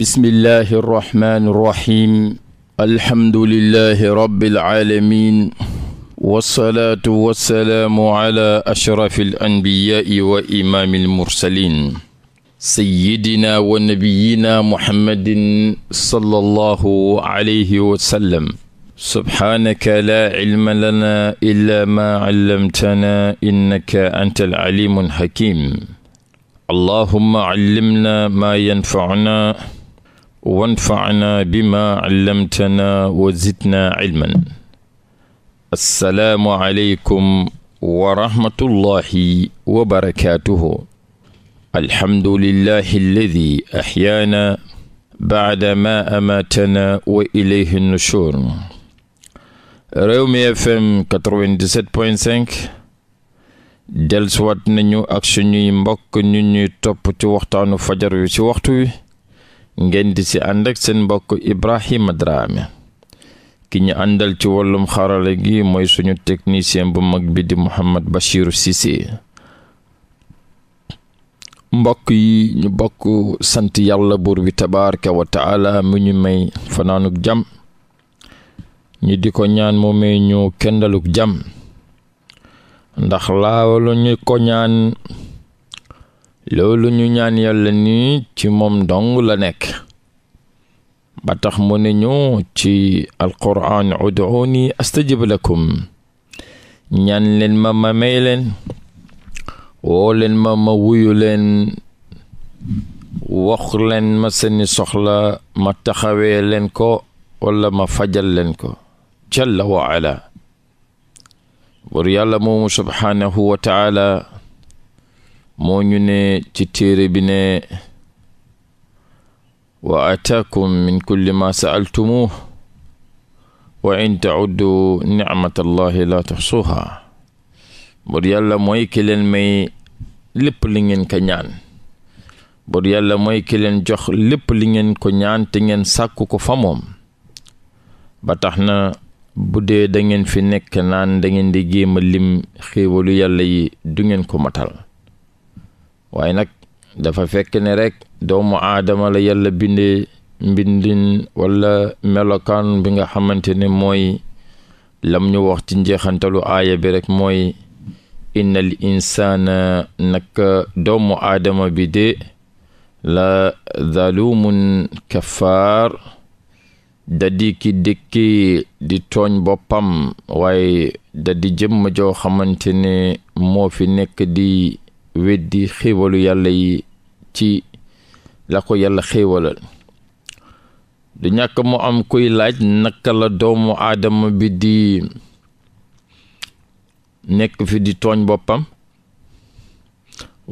bismillahi arrahmani irrahim alhamdulilahi rabiilalamin walsalaatu walsalaamu ala ashrafi alanbiyaai wa imaami almursalin sayidina wa nabiyina muhammadin sala allahu alayhi wasallam subhaanaka laa cilma lanaa illaa maa callamtanaa innaka anta alcalimu alxakim allahumma callimna maa yanfacunaa wanfacnaa bimaa callamtanaa wa zidnaa cilman assalaamu aleykum wa rahmatullahi wa barakaatuhu alhamdulillahi alladi axyaanaa bacda maa amaatanaa wa ilayhi nushuur Rewmi FM 97.5 delsuwaat nañu ak suñuy mbokk ñu ñuy topp ci waxtaanu fajar yu ci waxtu wi ngeen di si ànd ak seen mbokk Ibrahima Dramé ki ñu àndal ci wàllum xarala gi mooy suñu technicien bu mag bi di Mouhamed Bachir Cissé mbokk yi ñu bokk sant yàlla buur bi tabaraka wa taala ñu may fanaanuk jàmm ñu di ko ñaan mu may ñu kendaluk jàmm ndax laawalu ñu ko ñaan loolu ñu ñaan yàlla ni ci moom dong la nekk ba tax mu ne ñu ci alquran ud'uni astajib lakum ñaan leen ma ma may leen woo leen ma ma wuyu leen wax leen ma seeni soxla ma taxawee leen ko walla ma fajal leen ko jalla wa ala bur yàlla subhaanahu wa taala moo ñu ne ci téere bi ne wa ataakum min kulli ma saaltumuh wa in tauddu nicmatallahi la tuxsuha bur yàlla mooy ki may lépp li ko ñaan bur yàlla mooy ki jox lépp li ngeen ko ñaan ngeen sàkku ko fa moom ba tax na bu dee fi nekk naan da ngeen di géema lim xéewalu yàlla yi du ngeen ko matal waaye nag dafa fekk ne rek doomu aadama la yàlla bindee mbindin wala melokaan bi nga xamante ne mooy lam ñu wax ci njeexantalu aaya bi rek mooy innal insaana naka doomu aadama bi de la zalumun kafaar dadi ki dëkki di tooñ boppam waaye dadi jëmm joo xamante ne moo fi nekk di weddi xéewalu yàlla yi ci la ko yàlla xéewalal du ñàkk mu am kuy laaj naka la doomu aadama bi di nekk fi di tooñ boppam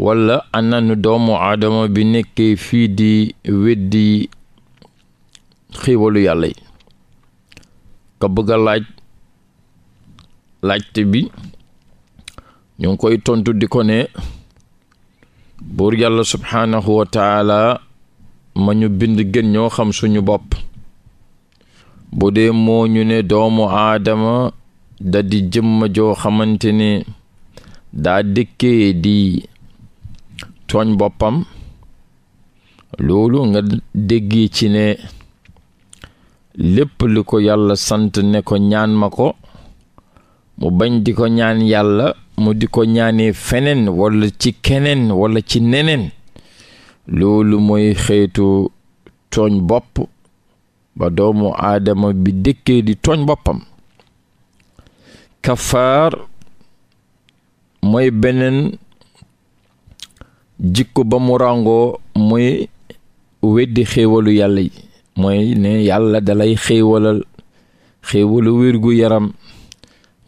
wala ananu doomu aadama bi nekkee fii di weddi xéewalu yàlla yi ka bëgg laaj laajte bi ñu koy tontu di ko ne buur yàlla subhaanahu wa ma ñu bind gën ñoo xam suñu bopp bu dee moo ñu ne doomu aadama da di jëmma joo xamante ne daa dëkkee di tooñ boppam loolu nga dégg ci ne lépp li ko yàlla sant ne ko ñaan ma ko mu bañ di ko ñaan yàlla mu di ko ñaanee feneen walla ci keneen walla ci neneen loolu mooy xeetu tooñ bopp ba doomu aadama bi dëkkee di tooñ boppam kafaar mooy beneen jikko ba mu ràngoo mooy weddi xéewalu yàlla yi mooy ne yàlla dalay xéewalal xéewalu wér yaram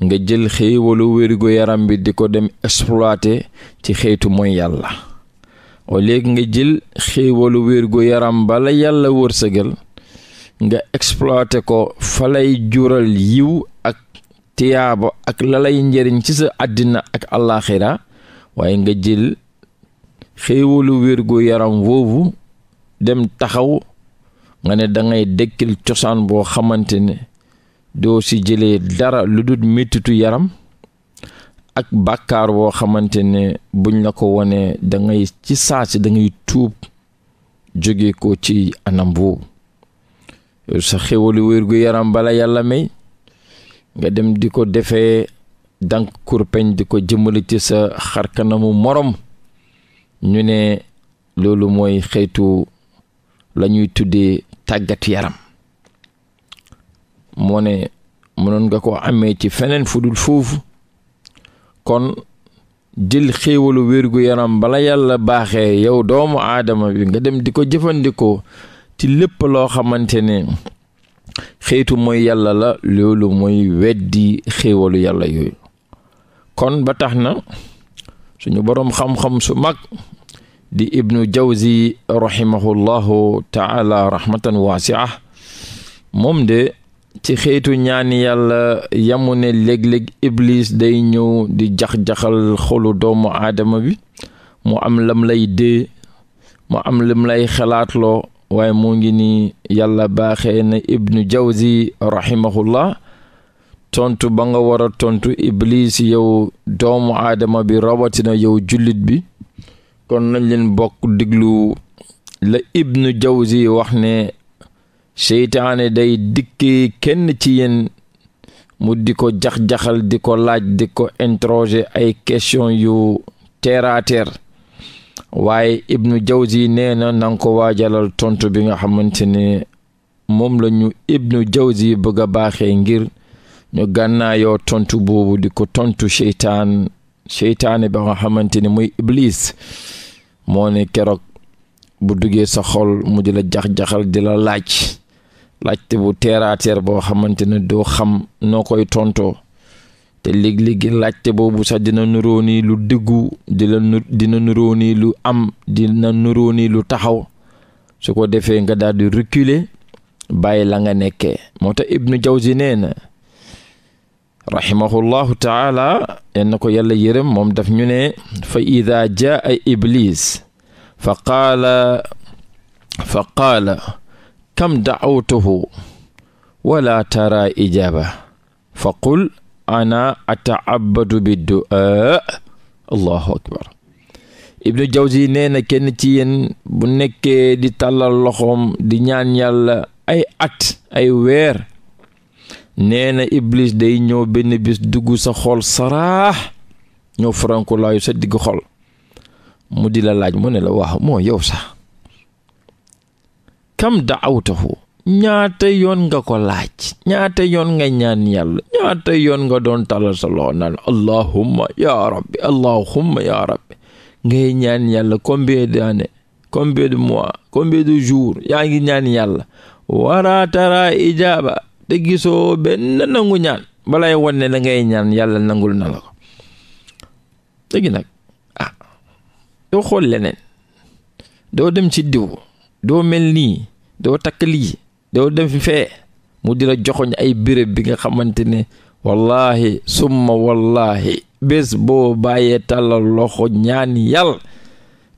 nga jël xéewalu wérgu yaram bi di ko dem exploiter ci xeetu mooy yàlla au lieu nga jël xéewalu wérgu yaram bala yàlla wërsëgal nga exploiter ko falay jural yiw ak tiyaaba ak lalay njëriñ ci sa àddina ak àllaaxira waaye nga jël xéewalu wérgu yaram woowu dem taxaw nga ne dangay dekkil cosaan boo xamante ne doo ci jëlee dara lu dul mettitu yaram ak bàkkaar woo xamante ne buñ la ko wonee dangay ci saasi da ngay tuub jóge ko ci anam boobu sa xéwalu wér yaram bala yàlla may nga dem di ko defee dank kurpeñ di ko jëmale ci sa xarkanamu morom ñu ne loolu mooy xeetu la ñuy tuddee tàggat yaram moo ne mënoon nga ko amee ci feneen fu dul foofu kon jël xéewalu wérgu yaram bala yàlla baaxee yow doomu aadama bi nga dem di ko jëfandikoo ci lépp loo xamante ne xeetu mooy yàlla la loolu mooy weddi xéewalu yàlla yooyu kon ba tax na suñu boroom xam-xam su mag di ibnu jawzi rahimahullahu taala rahmatan waasiah moom de ci xeetu ñaani yàlla yamu ne léeg-léeg iblis day ñëw di jax-jaxal xolu doomu aadama bi mu am lam lay dee mu am lam lay xalaatloo waaye mu ngi nii yàlla baaxee na ibnu jawzi rahimahullah tontu ba nga war a tontu iblis yow doomu aadama bi rawatina yow jullit bi kon nañ leen bokk diglu la ibnu jawzi wax ne seytaane day dikki kenn ci yenn mu di ko jax-jaxal di ko laaj di ko interroger ay question yu terre à terre waaye ibnu jawzi nee na nanga ko waajalal tontu bi nga xamante ne moom la ñu ibnu jawzi bëgg a baaxee ngir ñu gànnaayoo tontu boobu di ko tontu seytaan seytaane ba nga xamante ne muy iblis moone ne keroog bu duggee sa xol mu di la jax-jaxal di la laaj laajte bu teeraateer boo xamante ne doo xam noo koy tontoo te léeg-léegi laajte boobu sax dina nuroo nii lu dëggu dina nu dina nuroo ni lu am dina nuroo nii lu taxaw su ko defee nga daal di reculer bàyyi la nga nekkee moo tax ibnu jawzi nee na rahimahullahu taala yen ko yàlla yërëm moom daf ñu ne fa ida jaa iblis fa qaala fa qaala kam da'awtuhu wala tara ijaba fa qul ana ata'abbadu bi du'a allahu akbar ibnu jawzi nee na kenn ci yenn bu nekkee di tàllal loxoom di ñaan yàlla ay at ay weer nee na iblis day ñëw benn bis dugg sa xol saraax ñëw farankulaayu sa digg xol mu di la laaj mu ne la waaw moo yow sax kam da'awtahu ñaata yoon nga ko laaj ñaata yoon nga ñaan yàlla ñaata yoon nga doon talal sa loxo naan allahumma ya rabbi allahumma ya rabbi ngay ñaan yàlla combien d'années combien de mois combien yaa ngi ñaan yàlla wara ijaaba te gisoo benn nangu ñaan balay wonne da ngay ñaan yàlla nangul na la ko léegi nag ah doo xool leneen doo dem ci diw doo mel nii doo takk lii doo dem fee mu di la joxoñ ay béréb bi nga xamante ne wallaahi summa wallaahi bés boo bàyyee tàllal loxo ñaani yàlla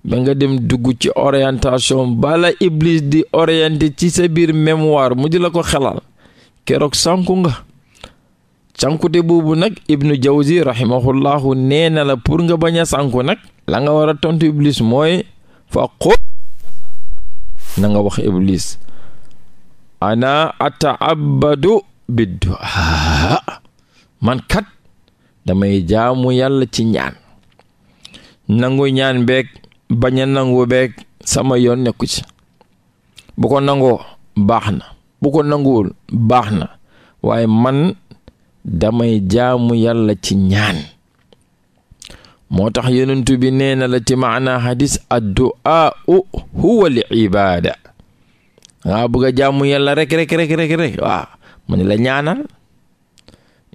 ba nga dem dugg ci orientation bala iblis di orienté ci sa biir mémoire mu di la ko xelal keroog sànku nga sànkute boobu nag ibnu jawzi rahimahullahu nee na la pour nga bañ a sànku nag la nga war a tontu iblis mooy fa xóot na nga wax iblis ana ataabadu biddu'a man kat damay jaamu yàlla ci ñaan nangu ñaan beeg bañ nangu beeg sama yoon nekku ci bu ko nangoo baax na bu ko nanguwul baax na waaye man damay jaamu yàlla ci ñaan moo tax yonentu bi nee na la ci maana hadis addu'a u huwa li ibaada nga bëgg a jaamu yalla rek rek rek rek rek waaw la ñaanal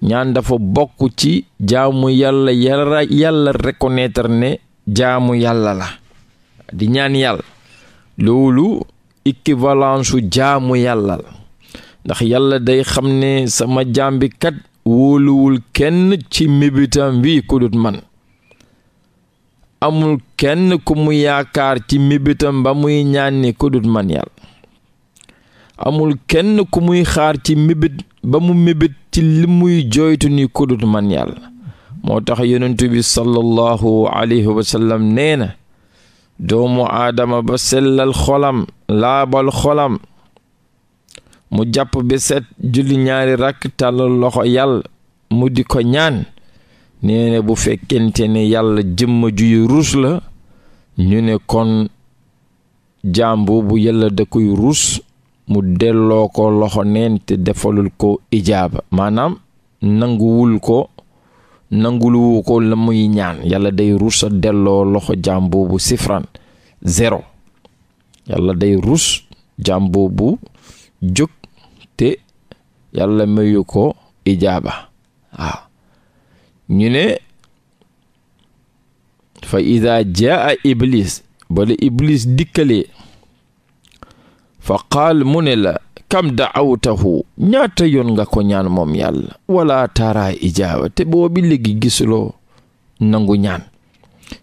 ñaan dafa bokk ci jaamu yàlla yàlla yàlla reconnaître ne jaamu yàlla la di ñaan yàlla loolu équivalent su jaamu yàlla la ndax yàlla day xam ne sama jaam bi kat wóoluwul kenn ci mébitam bi ku man amul kenn ku mu yaakaar ci mébétam ba muy ñaan ni man yàlla amul kenn ku muy xaar ci mébét ba mu mébét ci li muy jooytu ni kudut dut man yàlla moo tax yonent bi sallallahu alayhi wa nee na doomu aadama ba sellal xolam laabal xolam mu jàpp bi set julli ñaari rakk tàllal loxo yàlla mu di ko ñaan nee bu fekkente ne yàlla jëmm juy ruus la ñu ne kon jaam bu yàlla da koy ruus mu delloo ko loxo neen te defalul ko ijaaba maanaam nanguwul ko nanguluwu ko la muy ñaan yàlla day ruus a delloo loxo jaam bu sifran zéro yàlla day ruus jaam bu jóg te yàlla mayu ko ijaaba waaw ñu ne fa ida jaa iblis bala iblis dikkalee fa qaal mu ne la kam daawtahu ñaata yoon nga ko ñaan moom yàlla wala tara ijaaba te boobi léegi gisuloo nangu ñaan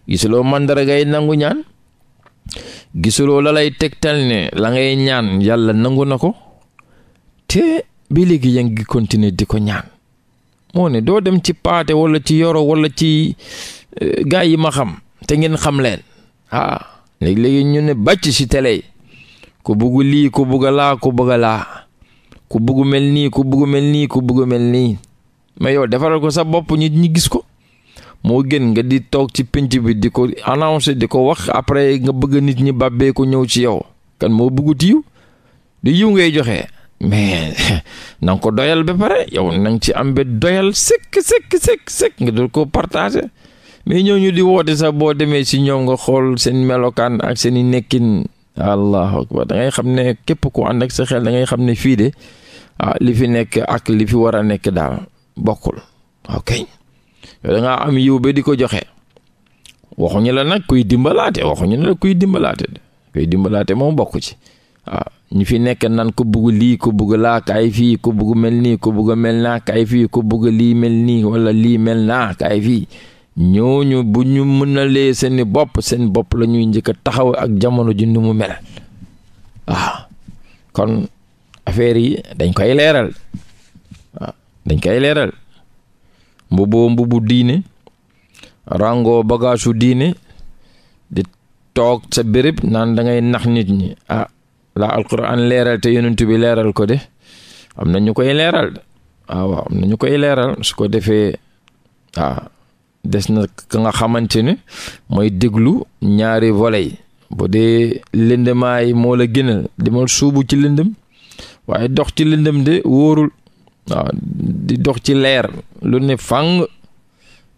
gisuloo mandargay nangu ñaan gisuloo la lay tegtal ne la ngay ñaan yàlla nangu na ko te bi léegi yaa ngi continuer di ko ñaan moo ne doo dem ci paate walla ci yoro wala ci eh, gaay yi ma xam te ngeen xam leen ah léegi-léegi ñu ne bàcc si télé ku bugg lii ku bugg laa ku bugg laa ku bugg mel nii ku bugg mel nii ku bugg mel nii mais yow defaral ko sa bopp ñu ñi gis ko moo gën nga di toog ci pénc bi di ko annoncé di ko wax après nga bëgg nit ñi bàbbee ko ñëw ci yow kan moo bugg tiiw di yiw ngay joxe mais na ko doyal ba pare yow na nga ci am ba doyal sëkk sëkk sëkk nga du ko partager mais ñooñu di woote sax boo demee si ñoom nga xool seen melokaan ak seen i nekkin allahu akbar da ngay xam ne képp ku ànd ak sa xel da ngay xam ne fii de ah, li fi nekk ak li fi war a nekk daal bokkul ok yow da am yiw ba di ko joxe waxuñu la nag kuy dimbalaate waxuñu la kuy dimbalaate kuy dimbalaate moom bokk ci waaw ah. ñu fi nekk nan ku bugg lii ku bugg laa kaay fii ku bugg mel nii ku bugg mel naa kaay fii ku bugg lii mel nii wala lii mel naa kaay fii ñooñu bu ñu mënalee seeni bopp seen bopp lañuy ñuy njëkk a taxaw ak jamono ji mu mel waaw kon affaire yi dañ koy leeral waaw dañ koy leeral mbubboo mbubbu diine rango bagaasu diine di toog sa béréb naan da nax nit ñi ah, laa alquran leeral te yonent bi leeral ko de am na ñu koy leeral waaw am na ñu koy leeral su ko defee ah des na ka nga xamante ne mooy déglu ñaari volets yi bu dee lëndëmaay moo la gënal demal suubu ci lëndëm waaye dox ci lëndëm de wóorul waaw di dox ci leer lu ne fàng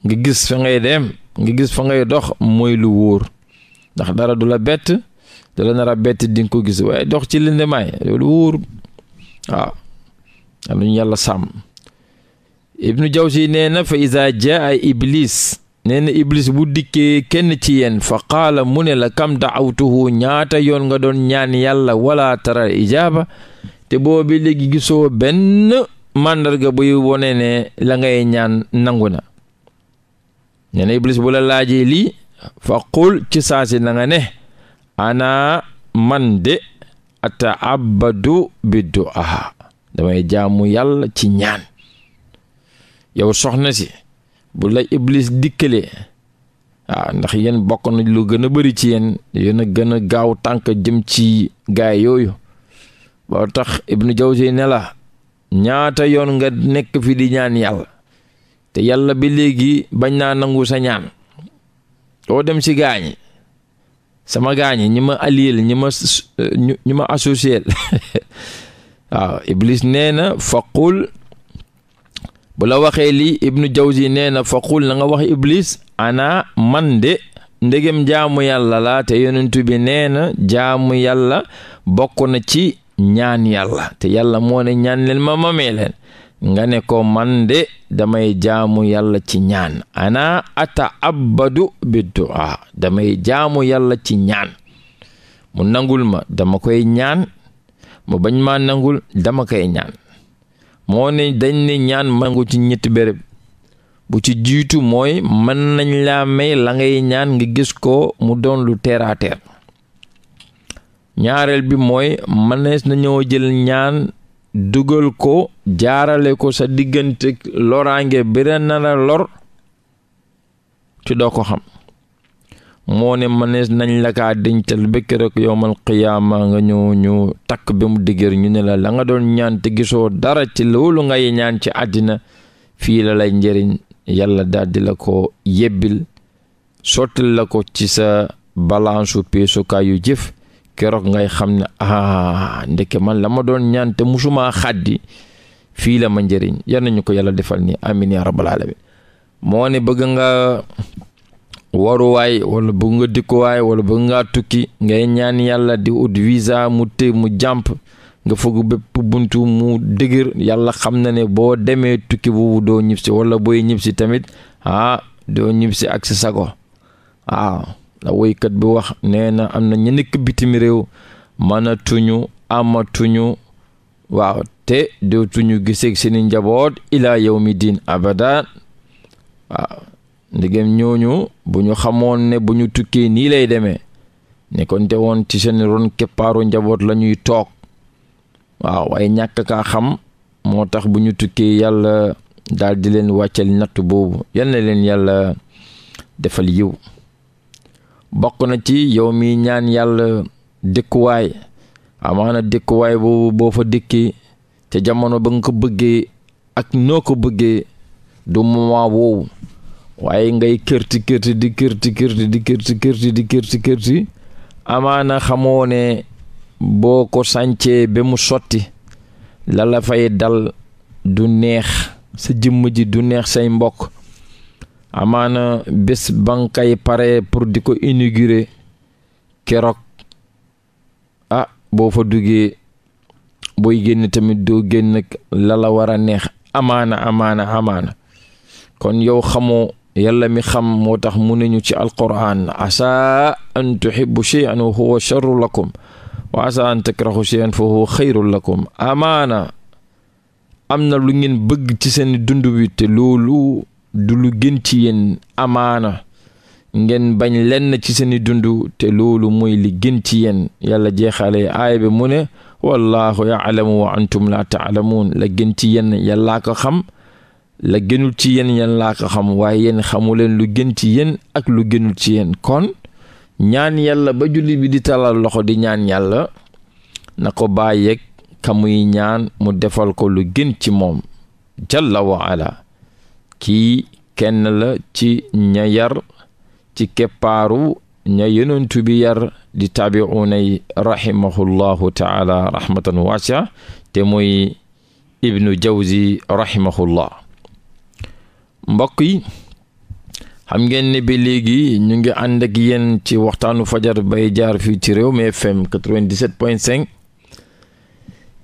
nga gis fa ngay dem nga gis fa ngay dox mooy lu wóor ndax dara du la bett da nar a bett di nga ko gis waaye dox ci lëndemaay loolu wóor waaw am nañu yàlla sàmm ibnu si nee na fa iza jaa iblis nee na iblis bu dikkee kenn ci yéen fa qaala mu ne la kam daawtuhu ñaata yoon nga doon ñaan yàlla wala tara ijaaba te boobi léegi gisoo benn màndarga buy wone ne la ngay ñaan nangu na nee na iblis bu la laajee lii fa qul ci saasi na nga ne anaa man de ataabadu bi du'a damay jaamu yàlla ci ñaan yow soxna si bu la iblis dikkalee waaw ndax yéen bokk na lu gën a bari ci yen yéen a gën a gaaw tànk jëm ci gaay yooyu boo tax ibnu jawzi ne la ñaata yoon nga nekk fi di ñaan yàlla te yàlla bi léegi bañ naa nangu sa ñaan doo dem si gaañi sama gaañ yi ñi ma alliel ñi ma ñi ma associé waaw iblis nee na faqul bu la waxee lii ibnu jawzi nee na faqul na nga wax iblis anaa man de ndegem jaamu yàlla la te yonentu bi nee na jaamu yàlla bokk na ci ñaan yàlla te yàlla moo ne ñaan leen ma mamee leen nga ne ko man de damay jaamu yàlla ci ñaan ana ata abbadu bi du'a damay jaamu yàlla ci ñaan mu nangul ma dama ñaan mu bañ maa nangul dama koy ñaan moo ne dañ ne ñaan mangu ci ñetti béréb bu ci jiitu mooy mën nañ laa may langay ñaan ngi gis ko mu doon lu terre à ñaareel bi mooy mënees nañoo jël ñaan dugal ko jaarale ko sa diggante loraange bira na la lor ci doo ko xam moo ne mënees nañ la ka dencal békk rek yowmal qiyaama nga ñëw ñu takk bi mu dëgër ñu ne la la nga doon ñaan gisoo dara ci loolu ngay ñaan ci àddina fii la lay njariñ yàlla daldi la ko yebbil sottil la ko ci sa balansu peesukaayu jëf keroog ngay xam ne ah ndeke man la ma doon ñaan te musumaa xaddi fii la ma njëriñ yal nañu ko yàlla defal ni amin ya rabbal alamin moo ne bëgg nga waruwaay wala bëgg nga dikkuwaay wala bëgg ngaa tukki ngay ñaan yàlla di ut visa mu te mu jàmp nga foog bépp buntu mu dëgër yàlla xam na ne boo demee tukki boobu doo ñibbisi wala booy ñibbisi tamit ah doo ñibbisi ak sa sago waaw la woykat bi wax nee na am na ñu bitim réew manatuñu amatuñu waaw te dootuñu giseeg seeni njaboot ilaa yawmi diin abada waaw ndigem ñooñu bu ñu xamoon ne bu ñu tukkee nii lay demee ne kon woon ci seen ron keppaaru njaboot la ñuy toog waaw waaye ñàkk kaa xam moo tax bu ñu tukkee yàlla daal di leen wàccal natt boobu yal leen yàlla defal yiw bokk na ci yow mi ñaan yàlla dëkkuwaay amaana dëkkuwaay boobu boo fa dëkki ca jamono ba nga ko bëggee ak noo ko bëggee du moment woowu waaye ngay kërti kërti di kërti kërti di kërti kërti di kërti amaana xamoo ne boo ko sàncee ba mu sotti la la fay dal du neex sa jëmm ji du neex say mbokk amaana bés bankay pare pour di ko inaugurer keroog ah boo fa duggee booy génn tamit doo génn lala war a neex amaana amaana amaana kon yow xamoo yàlla mi xam moo tax mu nañu ci alquran asaa an tuhibbu shay'an wa huwa sharru lakum wa asaa an takrahu shay'an amaana am na lu ngeen bëgg ci seen dund wi te loolu du lu gën ci yéen amaana ngeen bañ lenn ci seeni dund te loolu mooy li gën ci yéen yàlla jeexale aaya bi mu ne wallahu yaalamu wa antum la taalamuun la gën ci yéen yàllaa ko xam la gënul ci yéen yàllaa ko xam waaye yéen xamuleen lu gën ci yéen ak lu gënul ci yéen kon ñaan yàlla ba julli bi di talal loxo di ñaan yàlla na ko bàyyeeg ka muy ñaan mu defal ko lu gën ci moom jalla wa ala kii kenn la ci ña yar ci keppaaru ña yenentu bi yar di taabiuuna yi rahimahullahu taala rahmatan waasia te muy ibnu jawzi rahimahullah mbokk yi xam ngeen ne léegi ñu ngi ànd ak yéen ci waxtaanu fajar bay jaar fi ci réew mi fm 97.5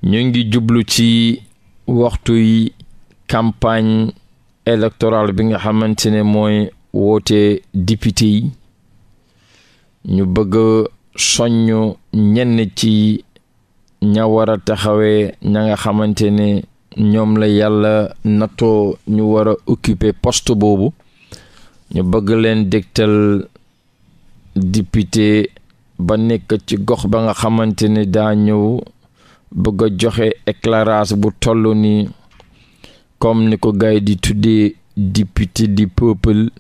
ñu ngi jublu ci waxtuy campagne électoral bi nga xamante ne mooy woote député yi ñu bëgg soññ ñenn ci ña war a taxawee ña nga xamante ne ñoom la yàlla nattoo ñu war a occuper poste boobu ñu bëgg leen dégtal député ba nekk ci gox ba nga xamante ne daa ñëw bëgg a joxe éclairage bu toll nii comme ni ko gaay di tuddee député du peuple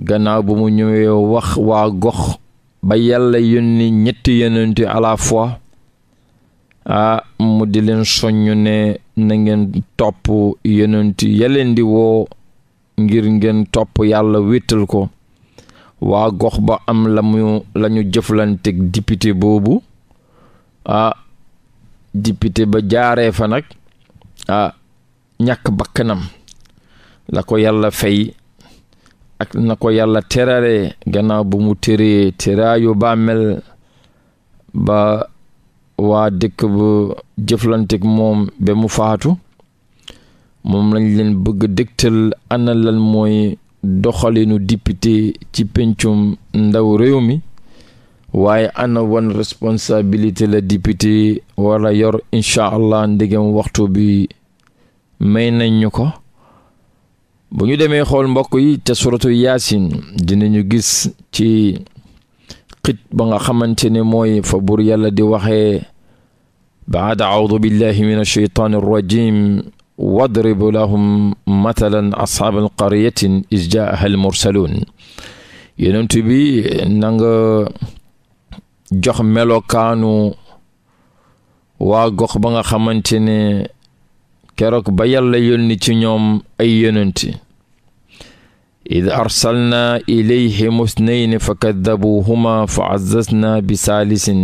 gannaaw ba mu ñëwee wax waa gox ba yàlla yónni ñetti yonent à la ah, mu di leen soññ ne na ngeen topp yonent yaleen di woo ngir ngeen topp yàlla wéttal ko waa gox ba am la mu la jëflanteeg député boobu ah député ba jaaree fa nag ah, ñàkk bakkanam la ko yàlla fay ak na ko yàlla terare gannaaw bu mu teree teraayu bàmmel ba waa dëkk bu jëflanteek moom ba faatu moom lañ leen bëgg dégtal ana lan mooy doxalinu député ci pencum ndaw réew mi waaye ana wan responsabilité la député wala yor incha allah ndegem waxtu bi may nañ ñu ko bu ñu demee xool mbokk yi te suratu yaasin dinañu gis ci xit ba nga xamante ne mooy fa buur yàlla di waxee baada audu billahi min alsheytaan arrajim wadrib lahum matalan ashaabal qaryatin is jaaha al mursaluun yonent bi na nga jox melokaanu waa gox ba nga xamante ne keroog ba yàlla yónni ci ñoom ay yonenti id arsalna ilayhim usnayni fa kaddabuuhuma fa azzazna bi saalisin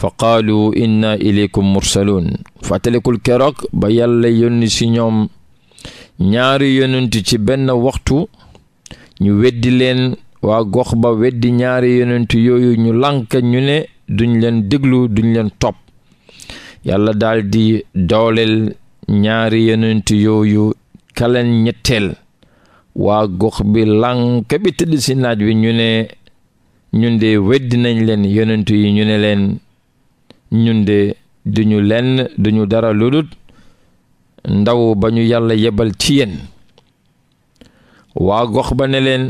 fa qaalu inna ilaykum mursaluun fàttalikul keroog ba yàlla yónni ci ñoom ñaari yonenti ci benn waxtu ñu weddi leen waa gox ba weddi ñaari yonenti yooyu ñu lànk ñu ne duñ leen déglu duñ leen topp yàlla daldi dooleel ñaari yonent yooyu kaleen ñetteel waa gox bi lànk bi tëdd si naaj wi ñu ne ñun de wedd nañ leen yonent yi ñu ne leen ñun de duñu lenn duñu dara ludut ndaw ba ñu yàlla yebal ci yen waa gox ba ne leen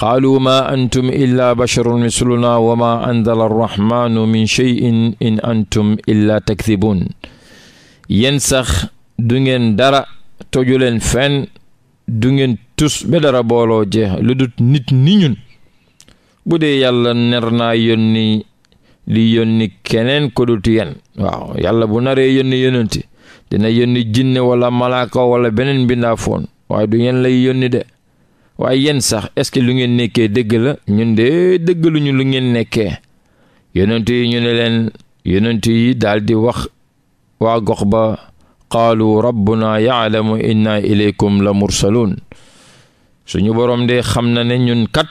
qaalu maa antum illaa basharun misluna wa ma anzala arrahmanu min cheyin in antum illaa takdibuun yéen sax du ngeen dara toju leen fenn du ngeen tus ba dara booloo lu dut nit ni ñun bu dee yàlla ner naa yónni li yónni keneen ko dut waaw yàlla bu naree yónni yónnante dina yónni jinne wala malaaka wala beneen mbindaa foon waaye du yéen lay yónni de waaye yéen sax est-ce que lu ngeen nekkee dëgg la ñun de dëgg lu ñu lu ngeen nekkee yónnante yi leen yónnante yi daal wax waa gox ba qaalu rabbuna yaalamu inna ilaykum la mursaluun suñu boroom de xam na ne ñun kat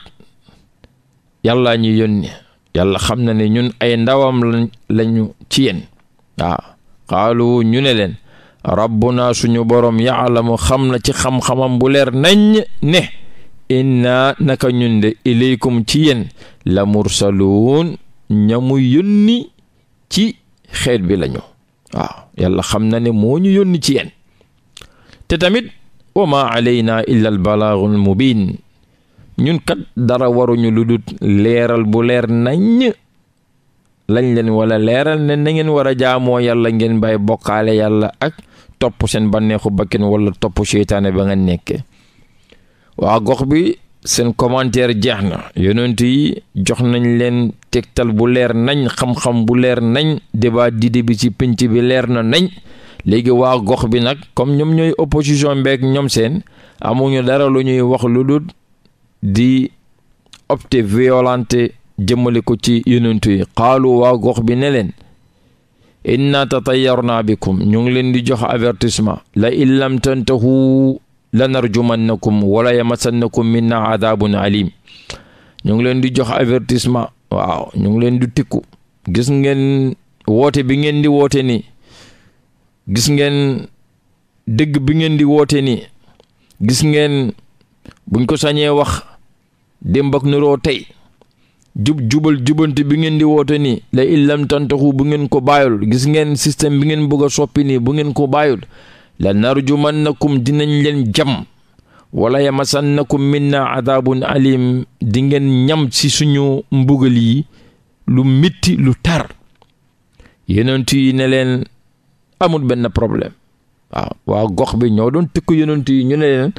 yàlla ñu yónni yàlla xam na ne ñun ay ndawam lañu ci yéen waaw qaalu ñu ne leen rabbuna suñu boroom yaalamu xam na ci xam-xamam bu leer nañ ne inna naka ñun de ilaykum ci yéen la mursaluun ñamu yónni ci xeet bi lañu yàlla xam na ne moo ñu yónni ci yéen te tamit wa ma alaynaa illa al mu mubiin ñun kat dara waruñu lu dut leeral bu leer nañ lañ leen wala leeral ne na ngeen war a jaamoo yàlla ngeen bay bokkaale yàlla ak topp seen bànneexu bakken walla topp seytaane ba nga nekke waa gox bi seen commentaire jeex na yonent yi jox nañ leen tegtal bu leer nañ xam-xam bu leer nañ débat d'idées bi ci pénc bi leer na nañ léegi waa gox bi nag comme ñoom ñooy opposition mbeeg ñoom seen amuñu dara lu ñuy wax lu dul di opté violente jëmale ko ci yonentu yi xaalu waa gox bi ne leen inna bi bikum ñu ngi leen di jox avertissement la in lam tantahu lanarjumannakum wala yamassannakum minna adabun alim ñu ngi leen di jox avertissement waaw ñu ngi leen du tikku gis ngeen woote bi ngeen di woote nii gis ngeen dëgg bi ngeen di woote nii gis ngeen buñ ko sañee wax démb ak niroo tey jub jubal jubante bi ngeen di woote nii la illam tantaxu bu ngeen ko bàyyul gis ngeen système bi ngeen bëgg a soppi nii bu ngeen ko bàyyul la nar ju na narjumannakum dinañ leen jam wala yamasannakum minna adabun alim di ngeen ñam ci suñu mbugal yi lu mitti lu tar yonent yi ne leen amul benn problème waaw waa gox bi ñoo doon tëkk yonent yi ñu ne leen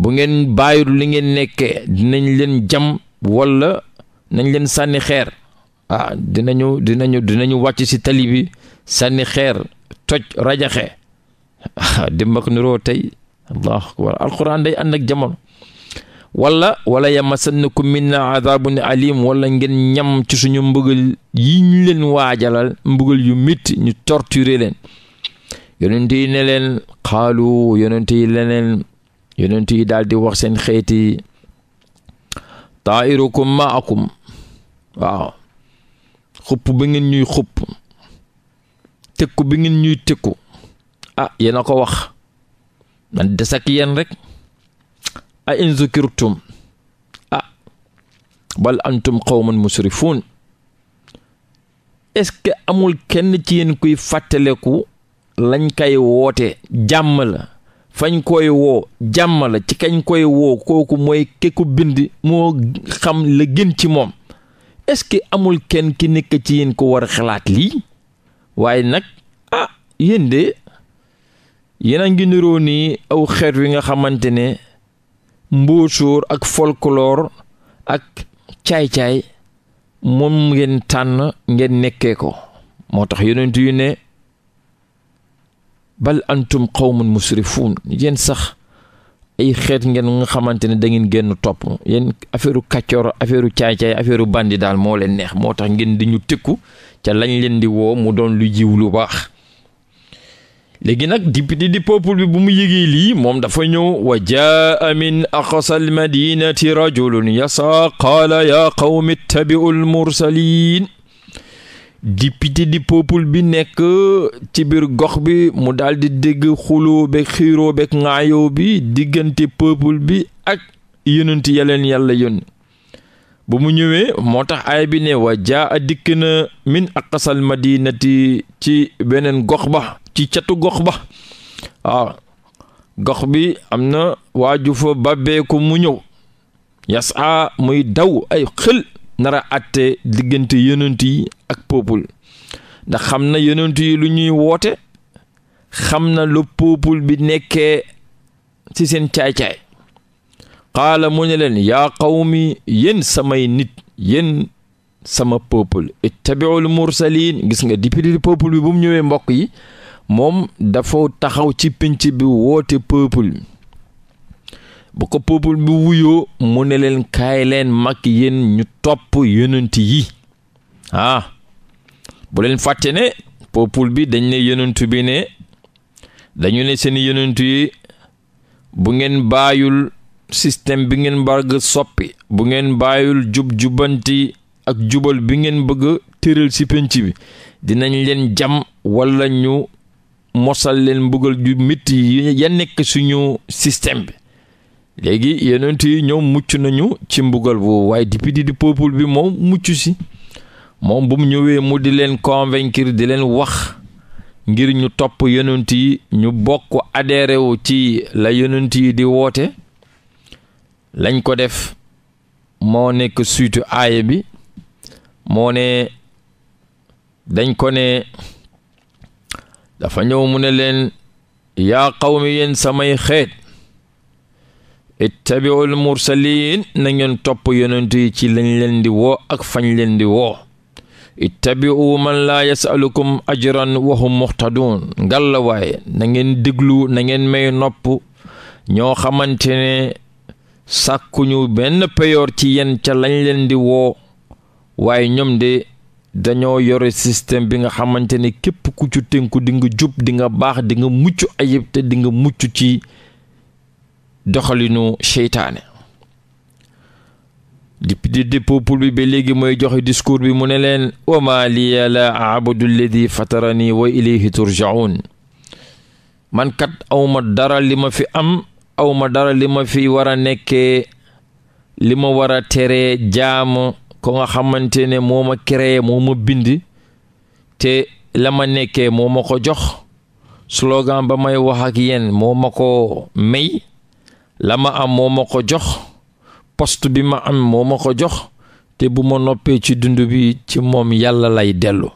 bu ngeen bàyyiwul li ngeen nekke dinañ leen jam wala nañ leen sànni xeer ah dinañu dinañu dinañu wàcc ci tali bi sànni xeer toj rajaxe ah dimb niroo tey allahu akbar alquran day ànd ak wala wala yamasannakum minna azabun alim wala ngeen ñam ci suñu mbugal ñu leen waajalal mbugal yu métti ñu torture leen yonent yi ne leen xaalu yonent yi leneen yonent yi daal di wax seen xeeti taa'irukum ma'akum waaw xupp bi ngeen ñuy xupp tëkku bi ngeen ñuy tëkku ah yéena ko wax man des ak yéen rek a in zukirtum ah bal antum qawmun musrifun est-ce que amul kenn ci yéen kuy fàttaleku lañ koy woote jàmm la fañ koy woo jàmm la ci kañ koy woo kooku mooy keku bind moo xam la gën ci moom est-ce que amul kenn ki nekk ci yéen ko war a xalaat lii waaye nag ah yéen de yéen a ngi niroo nii aw xeet wi nga xamante ne mbuusuur ak folklore ak caay-caay moom ngeen tànn ngeen nekkee ko moo tax yonent yu ne bal antum qawmun musrifuun yéen sax ay xeet ngeen nga xamante ne da ngeen génn topp yenn affaire kàccoor affaire caay-caay affaire bandi daal moo leen neex moo tax ngeen di ñu tëkku ca lañ leen di woo mu doon lu jiw lu baax léegi nag député di peuple bi bu mu yégee lii moom dafa ñëw wa jaa min aqsal madinati rajulun yasa qaala ya qawmi ittabi'ul mursalin député di peuple bi nekk ci biir gox bi mu daldi di dégg xuloo beeg bi diggante peuple bi ak yonent yeleen yàlla yónni ba mu ñëwee moo tax ay bi ne wa jaa a dikk na min aqsal madinati ci beneen gox ba ci catu gox ba waaw gox bi am na waaju fa babbeeku mu ñëw yas muy daw ay xël nara àtte diggante yonent yi ak peuple ndax xam na yonent yi lu ñuy woote xam na lu peuple bi nekkee ci seen caay-caay xaala mu ne leen yaa qawmi yéen samay nit yéen sama peuple ittabiul mursalin gis nga député peuple bi bu mu ñëwee mbokk yi moom dafa taxaw ci pénc bi woote peuple bi bu ko peuple bi wuyoo mu ne leen kaay leen mag yéen ñu topp yonent yi ah bu leen fàtte ne peuple bi dañ ne yonent bi ne dañu ne seen yonent yi bu ngeen baayul système bi ngeen mbarg soppi bu ngeen bàyyul jub-jubanti ak jubal bi ngeen bëgg tëral ci penc bi dinañu leen jam walla ñu mosal leen mbugal ju mitti ya nekk suñu système bi léegi yonent yi ñoo mucc nañu ci mbugal boobu waaye député di peuple bi moom mucc si moom bu ñëwee mu di leen convaincre di leen wax ngir ñu topp yonent yi ñu bokk adhéré ci la yonent yi di woote lañ ko def moo nekk suytu aay bi moo ne dañ ko ne dafa ñëw mu ne leen yaa qawmi yéen samay xeet ittabiul mursaliin na ngeen topp yonent yi ci lañ leen di woo ak fañ leen di woo ittabiu man laa yasalukum ajran wahum muhtadun ngalla waaye na ngeen may nopp ñoo xamante ne sàkkuñu benn peyoor ci yéen ca lañ leen di woo waaye ñoom de dañoo yore système bi nga xamante ne képp ku ci tënku di jub dinga baax di nga mucc ayib te dinga mucc ci doxalinu seytaane député peuple bi ba léegi mooy joxe discours bi mu ne leen wa maa liya la aabudu alladi fatarani wa ilayhi turjaun man kat awma dara li ma fi am awma dara li ma fi war a nekkee li ma war a tere jaamu ko nga xamante ne moo ma créé moo ma bind te la ma nekkee moo ma ko jox slogan ba may wax ak yéen moo ma ko may la ma am moo ma ko jox poste bi ma am moo ma ko jox te bu ma noppee ci dund bi ci moom yàlla lay dellu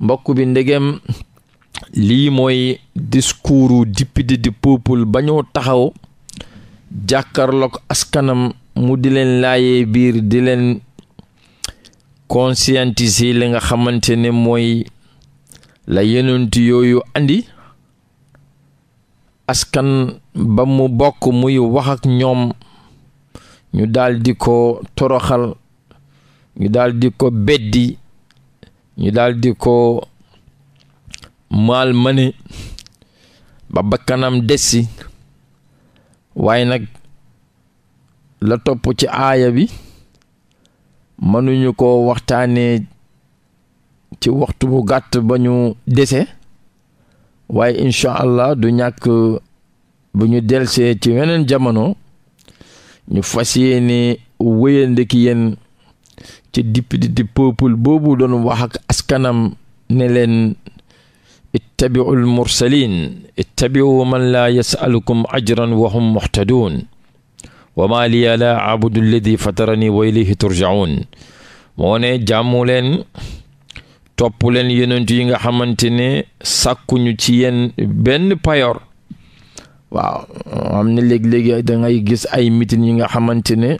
mbokk bi ndegem lii mooy discours député du peuple ba ñoo taxaw jàkkaarloog askanam mu di leen laayee biir di leen conscientiser li nga xamante ne mooy la yenent yooyu andi askan ba mu bokk muy wax ak ñoom ñu daldi ko toroxal ñu daldi ko beddi ñu daldi ko maal mane ne ba bakkanam dessi waaye nag la topp ci aaya bi mënuñu ko waxtaane ci waxtu bu gàtt ba ñu dese waaye incha allah du ñàkk bu ñu delsee ci weneen jamono ñu fas yéene wéyande ki yéen ci député peuple boobu doon wax askanam ne leen ittabiu almursalin ittabiu man la yasalukum ajran wa hum muhtaduun wa maa liya laa aabudu fatarani wa ilayhi turjaun moo ne jàmmu leen topp leen yonent yi nga xamante ne sakkuñu ci yéen benn payor waaw am na léegi-léegi da gis ay mitin yi nga xamante ne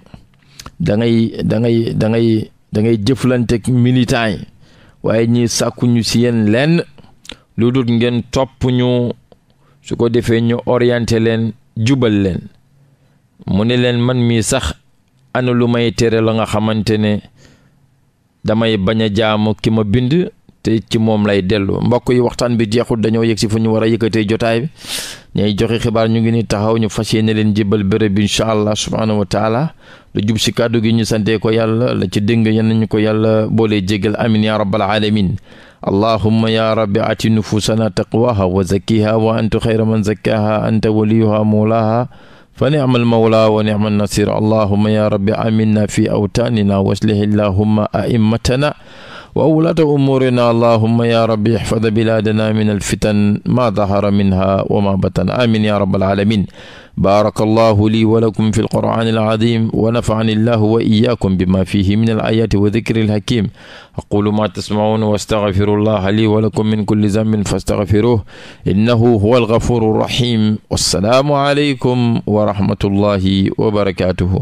dangay dangay da ngay da ngay yi waaye ñi sàkkuñu ci yéen lenn lu dul ngeen topp ñu su ko defee ñu orienté leen jubal leen mu ne leen man mii sax ana lu may tere la nga xamante ne damay bañ a jaamu ki ma bind te ci moom lay dellu mbokk yi waxtaan bi jeexul dañoo yegg si fu ñu war a yëkkatee jotaay bi ñay joxe xibaar ñu ngi ni taxaw ñu fas yéene leen jébal bërëb bi incha allah subhaanahu wa lu jub si kàddu gi ñu santee ko yàlla la ci dëng yenn ñu ko yàlla boolee jégal amin ya rabbal alamin allahumma ya rabbi ati nufusana taqwaha wa zakkiha wa anta xayra man zakkaha anta waliyuha mawlaha fa ni'mal mawla wa ni'mal nasir allahumma ya rabbi aminna fi awtanina waslih allahumma a'immatana wa wulaata umuurina allahumma ya rabbi ixfad bilaadana min alfitan ma dahara minha wa ma batan amin ya rabbal alamin baaraka allahu lii wa lakum fi alqur'ani alazim wa nafa'ani allahu wa iyyakum bima fihi min alayaati wa dikri alhakim aqulu ma tasma'un wa astaghfiru allaha lii wa lakum min kulli zambin fastaghfiruhu innahu huwa alghafuru rahim wassalaamu aleykum wa rahmatullahi wa barakatuhu